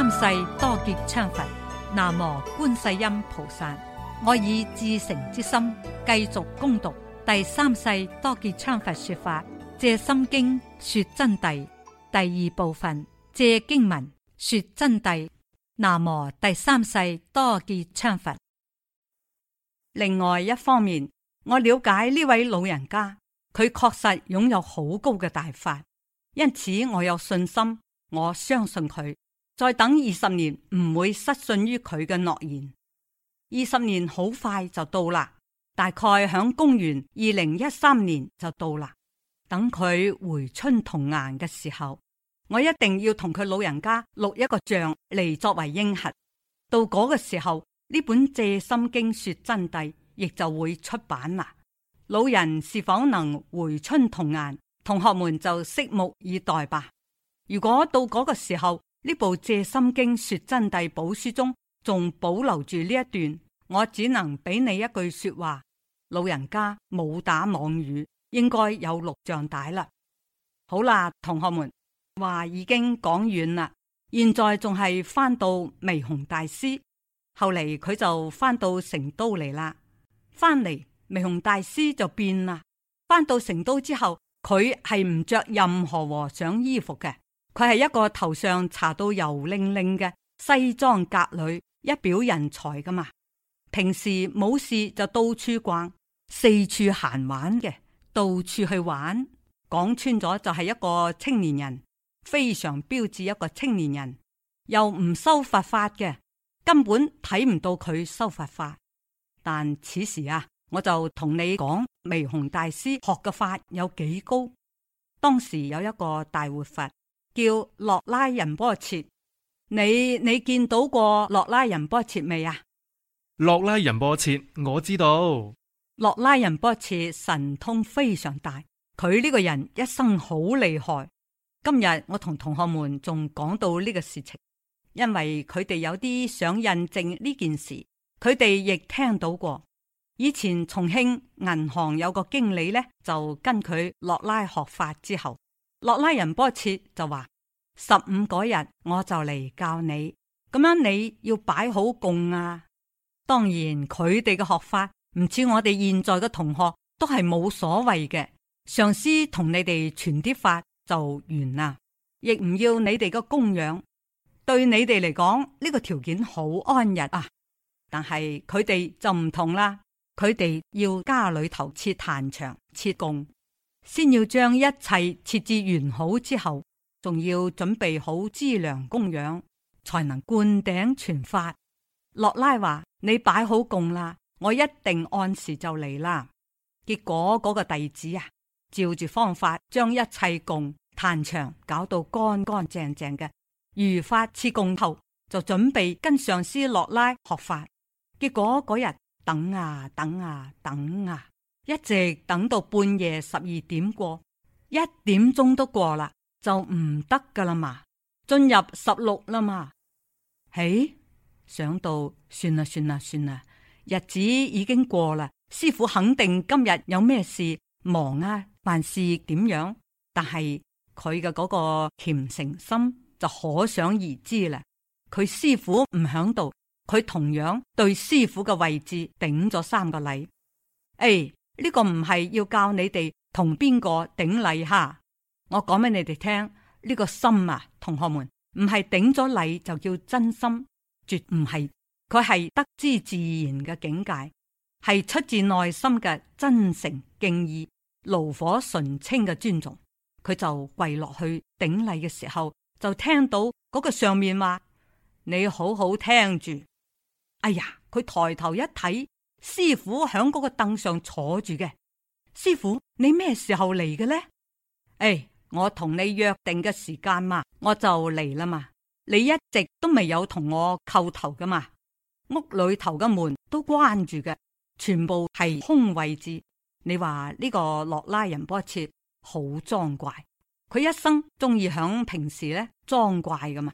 三世多杰羌佛，南無觀世音菩薩。我以至誠之心繼續恭讀第三世多杰羌佛說法，藉心經說真諦第二部分，藉經文說真諦。南無第三世多杰羌佛。另外一方面，我了解呢位老人家，佢確實擁有好高嘅大法，因此我有信心，我相信佢。再等二十年，唔會失信於佢嘅諾言。二十年好快就到啦，大概響公元二零一三年就到啦。等佢回春童顏嘅時候，我一定要同佢老人家錄一個像嚟，作為英核。到嗰個時候，呢本《借心經說真諦》亦就會出版啦。老人是否能回春童顏，同學們就拭目以待吧。如果到嗰個時候，呢部《藉心經》說真諦寶書中仲保留住呢一段，我只能俾你一句說話：老人家冇打妄語，應該有錄像帶啦。好啦，同學們話已經講遠啦，現在仲係翻到微紅大師，後嚟佢就翻到成都嚟啦。翻嚟微紅大師就變啦，翻到成都之後，佢係唔着任何和尚衣服嘅。佢係一個頭上搽到油令令嘅西裝革履、一表人才噶嘛。平時冇事就到處逛，四處閒玩嘅，到處去玩。講穿咗就係一個青年人，非常標緻一個青年人，又唔修佛法嘅，根本睇唔到佢修佛法。但此時啊，我就同你講，微紅大師學嘅法有幾高。當時有一個大活佛。叫洛拉仁波切，你你見到過洛拉仁波切未啊？洛拉仁波切我知道，洛拉仁波切神通非常大，佢呢個人一生好厲害。今日我同同學們仲講到呢個事情，因為佢哋有啲想印證呢件事，佢哋亦聽到過，以前重慶銀行有個經理呢，就跟佢洛拉學法之後。洛拉仁波切就話：十五嗰日我就嚟教你，咁樣你要擺好供啊。當然佢哋嘅學法唔似我哋現在嘅同學，都係冇所謂嘅。上師同你哋傳啲法就完啦，亦唔要你哋嘅供養。對你哋嚟講呢個條件好安逸啊，但係佢哋就唔同啦，佢哋要家裏頭設壇場，設供。先要將一切設置完好之後，仲要準備好資糧供養，才能灌頂傳法。洛拉話：你擺好供啦，我一定按時就嚟啦。結果嗰、那個弟子啊，照住方法將一切供壇場搞到乾乾淨淨嘅，如法設供後，就準備跟上師洛拉學法。結果嗰日等啊等啊等啊！等啊等啊一直等到半夜十二點過，一點鐘都過啦，就唔得㗎啦嘛，進入十六啦嘛。哎，想到算啦算啦算啦，日子已經過啦，師傅肯定今日有咩事忙啊，還是點樣？但係佢嘅嗰個虔誠心就可想而知啦。佢師傅唔響度，佢同樣對師傅嘅位置頂咗三個禮。哎。呢個唔係要教你哋同邊個頂禮哈，我講俾你哋聽，呢個心啊，同學們唔係頂咗禮就叫真心，絕唔係，佢係得之自然嘅境界，係出自內心嘅真誠敬意、爐火純青嘅尊重。佢就跪落去頂禮嘅時候，就聽到嗰個上面話：你好好聽住。哎呀，佢抬頭一睇。師傅喺嗰個凳上坐住嘅，師傅，你咩時候嚟嘅咧？誒、哎，我同你約定嘅時間嘛，我就嚟啦嘛。你一直都未有同我叩頭噶嘛，屋裏頭嘅門都關住嘅，全部係空位置。你話呢個洛拉仁波切好裝怪，佢一生中意響平時咧裝怪噶嘛，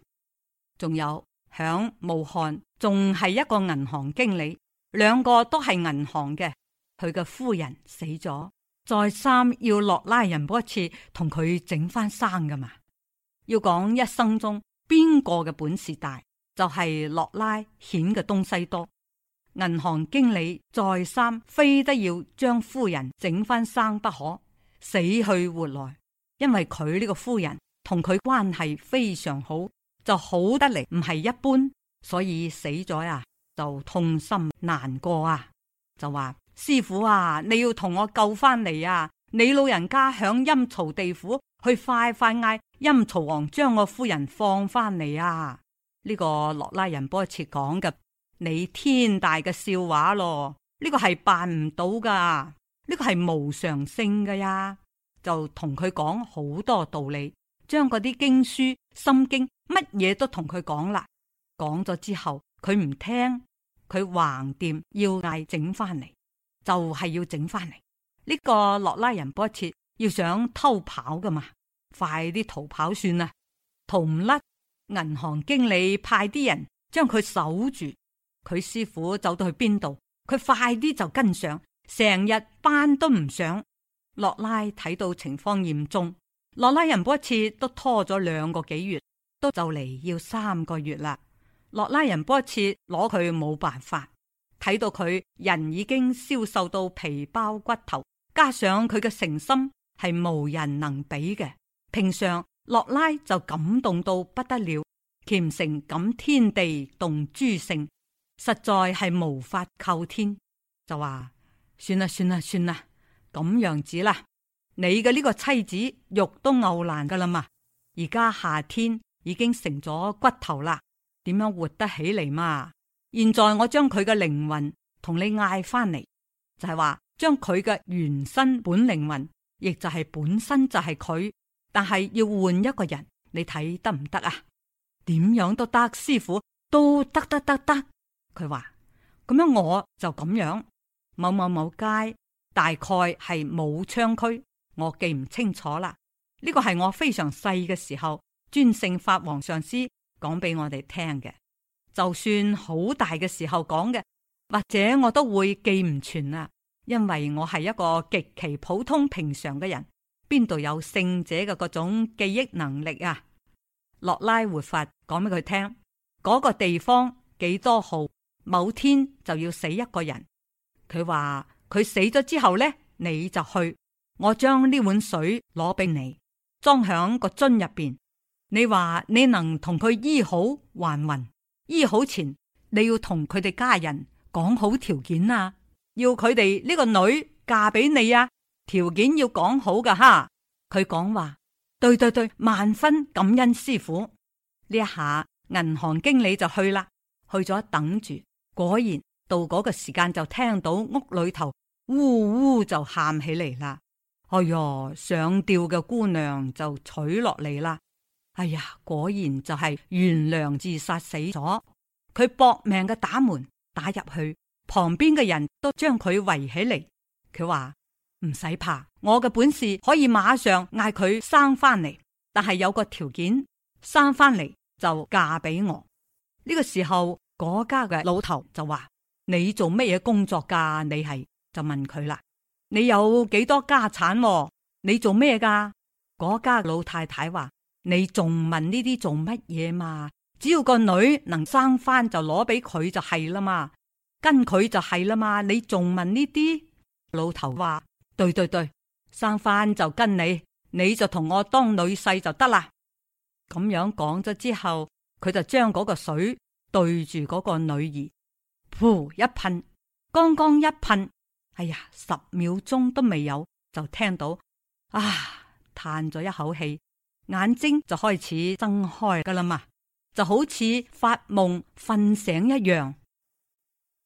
仲有響武漢仲係一個銀行經理。兩個都係銀行嘅，佢嘅夫人死咗，再三要洛拉仁波切同佢整翻生噶嘛？要講一生中邊個嘅本事大，就係、是、洛拉顯嘅東西多。銀行經理再三非得要將夫人整翻生不可，死去活來，因為佢呢個夫人同佢關係非常好，就好得嚟唔係一般，所以死咗呀。就痛心難過啊！就話師父啊，你要同我救翻嚟啊！你老人家響陰曹地府去快快嗌陰曹王將我夫人放翻嚟啊！呢個洛拉仁波切講嘅，你天大嘅笑話咯！呢個係辦唔到噶，呢個係無常性噶呀！就同佢講好多道理，將嗰啲經書、心經乜嘢都同佢講啦。講咗之後，佢唔聽。佢橫掂要嗌整翻嚟，就係、是、要整翻嚟。呢、這個洛拉仁波切要想偷跑㗎嘛，快啲逃跑算啦，逃唔甩。銀行經理派啲人將佢守住，佢師傅走到去邊度，佢快啲就跟上。成日班都唔上，洛拉睇到情況嚴重，洛拉仁波切都拖咗兩個幾月，都就嚟要三個月啦。洛拉人波切攞佢冇辦法，睇到佢人已經消瘦到皮包骨頭，加上佢嘅誠心係無人能比嘅。平常洛拉就感動到不得了，虔誠感天地動諸聖，實在係無法叩天，就話算啦算啦算啦，咁樣子啦，你嘅呢個妻子肉都拗爛噶啦嘛，而家夏天已經成咗骨頭啦。點樣活得起嚟嘛？現在我將佢嘅靈魂同你嗌返嚟，就係話將佢嘅原身本靈魂，亦就係本身就係佢，但係要換一個人，你睇得唔得啊？點樣都得，師傅都得得得得。佢話咁樣，我就咁樣，某某某街，大概係武昌區，我記唔清楚啦。呢個係我非常細嘅時候，尊聖法王上司。講俾我哋聽嘅，就算好大嘅時候講嘅，或者我都會記唔全啦，因為我係一個極其普通平常嘅人，邊度有聖者嘅嗰種記憶能力啊？洛拉活佛講俾佢聽，嗰個地方幾多號，某天就要死一個人。佢話佢死咗之後呢，你就去，我將呢碗水攞俾你，裝響個樽入邊。你話你能同佢醫好還魂？醫好前你要同佢哋家人講好條件啊！要佢哋呢個女嫁俾你啊！條件要講好噶哈！佢講話，對對對，萬分感恩師傅。呢一下銀行經理就去啦，去咗等住。果然到嗰個時間，就聽到屋裏頭嗚嗚就喊起嚟啦。哎喲，上吊嘅姑娘就取落嚟啦。哎呀，果然就係懸梁自殺死咗。佢搏命嘅打門，打入去，旁邊嘅人都將佢圍起嚟。佢話唔使怕，我嘅本事可以馬上嗌佢生翻嚟，但係有個條件，生翻嚟就嫁俾我。呢、呢個時候，嗰家嘅老頭就話：你做咩嘢工作噶？你係就問佢啦。你有幾多家產、啊？你做咩噶？嗰家老太太話。你仲問呢啲做乜嘢嘛？只要個女能生返就攞俾佢就係啦嘛，跟佢就係啦嘛。你仲問呢啲？老頭話：對對對，生返就跟你，你就同我當女婿就得啦。咁樣講咗之後，佢就將嗰個水對住嗰個女兒，噗一噴，剛剛一噴，哎呀，十秒鐘都未有就聽到，啊，嘆咗一口氣。眼睛就開始睜開㗎喇嘛，就好似發夢瞓醒一樣。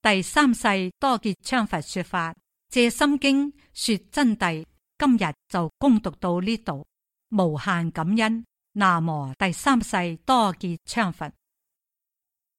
第三世多杰羌佛說法《藉心經》說真諦，今日就恭讀到呢度，無限感恩。南無第三世多杰羌佛。